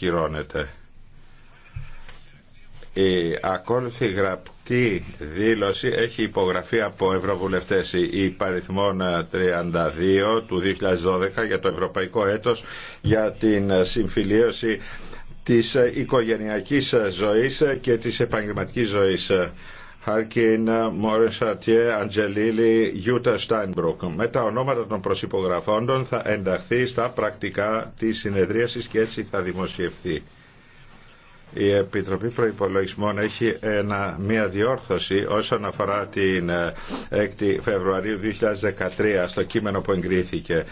ακυρώνεται. Η ακόλουθη γραπτή δήλωση έχει υπογραφεί από Ευρωβουλευτές η παριθμόν 32 του 2012 για το Ευρωπαϊκό Έτος για την συμφιλίωση της οικογενειακής ζωής και της επαγγελματικής ζωής. Χάρκιν, Μόρε Σαρτιέ, Αντζελίλη, Γιούτα Στάινμπρουκ. Με τα ονόματα των προσυπογραφώντων θα ενταχθεί στα πρακτικά τη συνεδρίαση και έτσι θα δημοσιευθεί. Η Επιτροπή Προϋπολογισμών έχει ένα, μια διόρθωση όσον αφορά την 6η ε, Φεβρουαρίου 2013 στο κείμενο που εγκρίθηκε.